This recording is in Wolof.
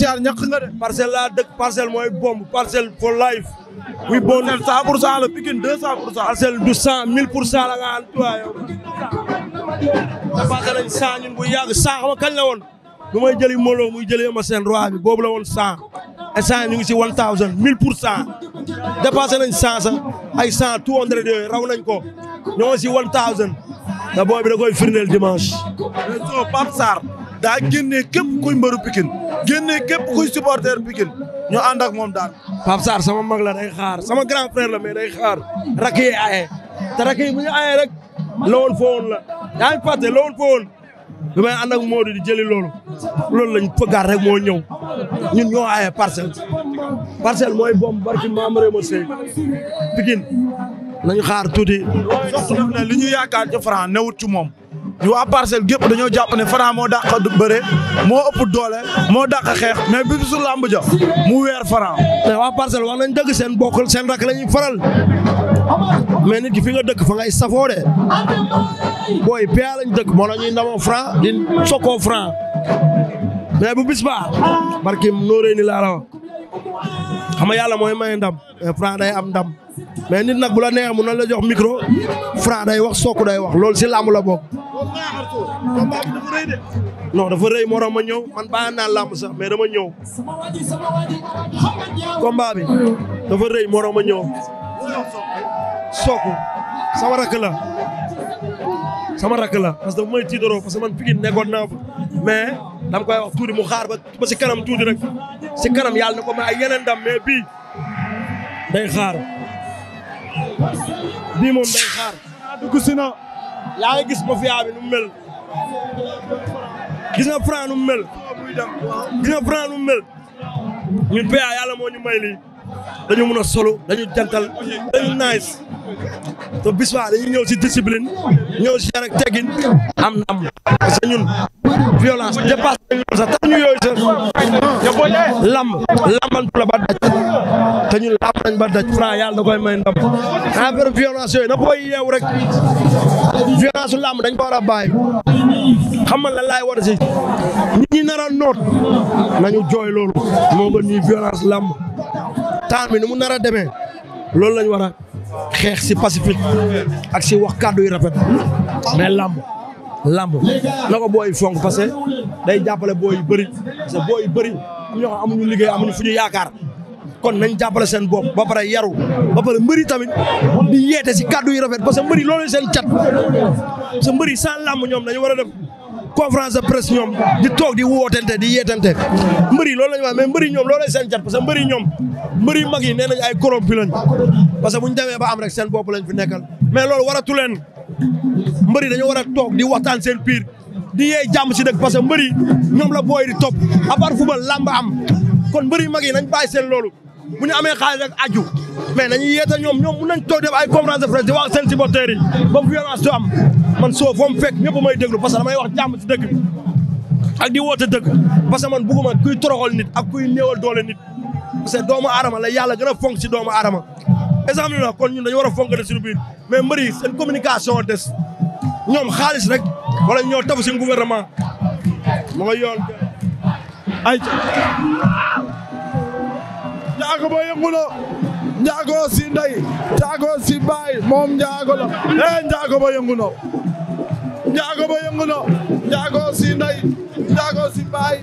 Thiar ñàkk nga de. parcelle laa dëkk parcelle mooy bomb parcelle for life. oui bon parcelle 100 pour cent la Pikine 200 pour cent. parcelle du 100 1000 pour cent la nga ànd waaye. dépassé nañ 100 ñun bu yàgg 100 xam kañ la woon. bu may jëli molo muy jëlee ma seen roi bi boobu la woon 100. instant ñu ngi si 1000 1000 pour cent. dépassé nañ 100 sax ay 100 200 raw nañ ko. ñoo ngi si 1000. te boobu da koy firndeel dimanche. réseau Pape Sarr. daa génnee képp kuy mbëru pikin génnee képp kuy supporter pikin ñu ànd ak moom daal. Pape sama mag la day xaar sama grand frère la mais day xaar rakk yi aye te rakk yi bu ñu aye rek lool foon la yaa ngi fàtte lool foon bi may ànd ak Modou di jëli loolu loolu lañ fëggaat rek moo ñëw ñun ñoo aye parcelle parcelle mooy bom barki maam Rémo Seye pikin nañu xaar tuuti. li ñu yaakaar ci Franc newut ci moom. ñu waa parcelle gépp dañoo jàpp ne Franc moo dàq bëre moo ëpp doole moo dàq xeex mais bi su làmb ja mu weer Franc te waa parcelle wax nañ dëgg seen bokkal seen rakk la ñuy faral mais nit ki fi nga dëkk fa ngay safoo de booy PA lañ dëkk moo la ñuy ndamoo Franc di sokoo Franc mais bu bis ba barki nóoree ni laa la yàlla mooy maye ndam mais Franc day am ndam mais nit nag bu la neexee mun na la jox micro Franc day wax Sokh day wax loolu si làmb la combat bi dafa rëy dafa rëy moo tax ma ñëw man bàyyi naa làmb sax mais dama ñëw. combat bi dafa rëy moo tax ma ñëw. Sokh sama rakk la sama rakk la parce que dafa may tiitaroo parce que man Pikine nekkoon naa fa mais dama koy wax tuuti mu xaar ba ba si kanam tuuti rek si kanam yàlla na ko may ay yeneen ndam mais bii day xaar bii moom day xaar. dugg yaa ngi gis mafia bi nu mel gis nga Franc nu mel gis nga Franc nu mel ñun PA yàlla moo ñu may lii dañu mën solo dañu jantal dañu nice te bis ba dañuy ñëw si discipline ñëw si yar ak teggin am ndam parce que ñun violence dépassé nañu sax tax ñu yooyu sax lamb lambantu la ba daj te ñu làmb nañ ba daj Franc yàlla da koy may ndam affaire violence yooyu na booy yeew rek violence làmb dañ ko war a bàyyi xam nga lan laay war a si nit ñi nar a noot nañu jooy loolu moo gën ñuy violence làmb temps bi ni mu nar a demee loolu lañ war a xeex si pacifique ak si wax kàddu yu rafet mais làmb làmb na ko booy fonk parce que day jàppale booy yu bëri parce booy bëri am ñoo xam amuñu liggéey amuñu fu ñu yaakaar kon nañ jàppale seen bopp ba pare yaru ba pare mbëri tamit di yeete si kàddu yi rafet parce que mbëri loolu seen cat parce que mbëri sans làmb ñoom dañu war a def conférence de presse ñoom di toog di wootente di yeetante mbëri loolu lañu wax mais mbëri ñoom loolu seen cat parce que mbëri ñoom mbëri mag yi nee nañ ay corrompu pare parce que bu ba am rek seen bopp lañ fi nekkal mais loolu waratu leen mbëri dañu war a toog di waxtaan seen biir di yee jàmm si dëkk parce que mbëri ñoom la booy di top à part football làmb am kon mag yi nañ bàyyi seen loolu bu ñu amee xaalis rek aju mais nañuy yeete ñoom ñoom mun nañ toog def ay conférence de presse di wax seen supporters yi ba violence du am man soo fa mu fekk ñëpp may déglu parce que damay wax jàmm si dëkk bi ak di woote dëgg parce que man bugguma kuy toroxal nit ak kuy néewal doole nit parce que doomu aadama la yàlla gën a fonk ci doomu aadama exemple na kon ñu dañu war a fonk de suñu biir mais mbëri seen communication des ñoom xaalis rek wala ñoo tafu seen gouvernement ma nga yoon ay njaago ba yëngu na njaago si ndey njaago si baay moom njaago la eh njaago ba yëngu na ba yëngu na njaago si ndey